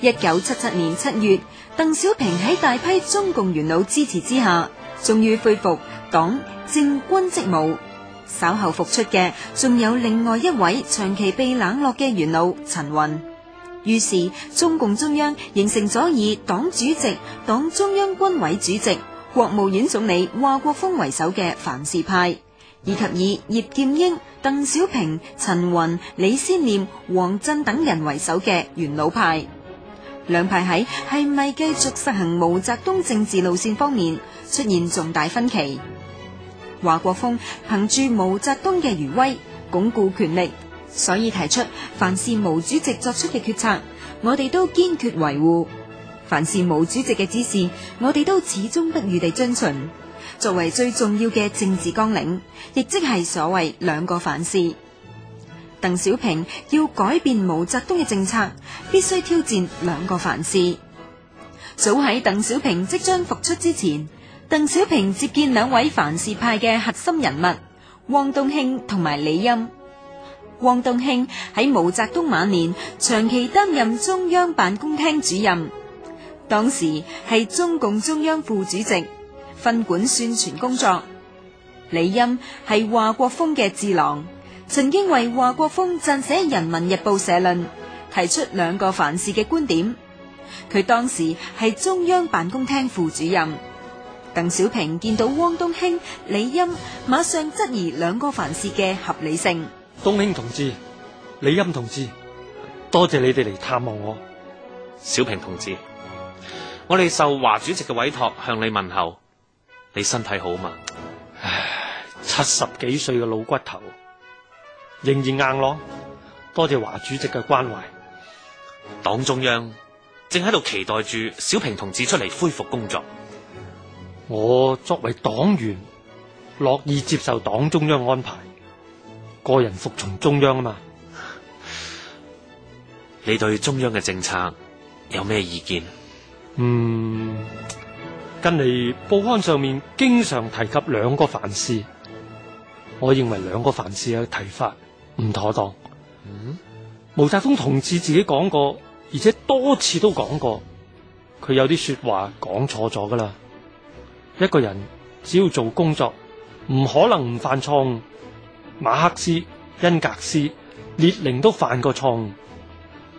一九七七年七月，鄧小平喺大批中共元老支持之下，終於恢復黨政軍職務。稍後復出嘅仲有另外一位長期被冷落嘅元老陳雲。於是中共中央形成咗以黨主席、黨中央軍委主席、國務院總理華國鋒為首嘅凡是派，以及以葉劍英、鄧小平、陳雲、李先念、王震等人為首嘅元老派。兩派喺係咪繼續實行毛澤東政治路線方面出現重大分歧。華國鋒憑住毛澤東嘅餘威鞏固權力，所以提出：「凡是毛主席作出嘅決策，我哋都堅決維護；凡是毛主席嘅指示，我哋都始終不渝地遵循。作為最重要嘅政治綱領，亦即係所謂兩個凡是。鄧小平要改變毛澤東嘅政策，必須挑戰兩個凡是。早喺鄧小平即將復出之前，鄧小平接見兩位凡是派嘅核心人物：汪東興同埋李鑫。汪東興喺毛澤東晚年長期擔任中央辦公廳主任，當時係中共中央副主席，分管宣傳工作。李鑫係華國鋒嘅智囊。曾經為華國鋒撰寫《人民日報》社論，提出兩個凡是嘅觀點。佢當時係中央辦公廳副主任。鄧小平見到汪東興、李鑫，馬上質疑兩個凡是嘅合理性。東興同志、李鑫同志，多謝你哋嚟探望我。小平同志，我哋受華主席嘅委託向你問候，你身體好嗎？唉，七十幾歲嘅老骨頭。仍然硬朗，多謝華主席嘅關懷。黨中央正喺度期待住小平同志出嚟恢復工作。我作為黨員，樂意接受黨中央安排，個人服從中央啊嘛。你對中央嘅政策有咩意見？嗯，近嚟報刊上面經常提及兩個凡是，我認為兩個凡是有睇法。唔妥當。嗯，毛澤東同志自己講過，而且多次都講過，佢有啲說話講錯咗噶啦。一個人只要做工作，唔可能唔犯錯誤。馬克思、恩格斯、列寧都犯過錯誤，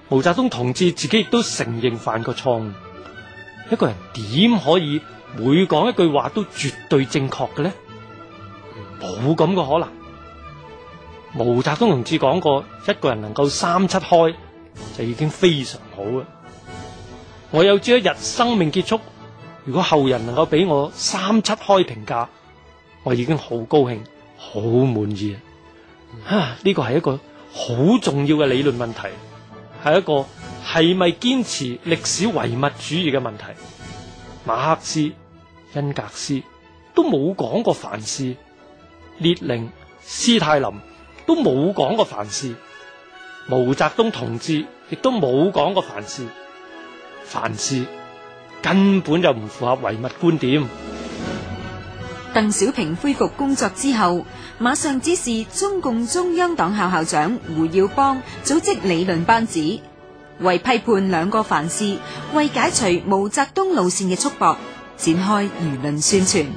毛澤東同志自己亦都承認犯過錯誤。一個人點可以每講一句話都絕對正確嘅咧？冇咁嘅可能。毛澤東同志講過：一個人能夠三七開就已經非常好啦。我有朝一日生命結束，如果後人能夠俾我三七開評價，我已經好高興、好滿意啊！吓，呢個係一個好重要嘅理論問題，係一個係咪堅持歷史唯物主義嘅問題？馬克思、恩格斯都冇講過「凡是」，列寧、斯泰林。都冇講過凡是，毛澤東同志亦都冇講過凡是，凡是根本就唔符合唯物觀點。鄧小平恢復工作之後，馬上指示中共中央黨校校長胡耀邦組織理論班子，為批判兩個凡是，為解除毛澤東路線嘅束縛，展開輿論宣傳。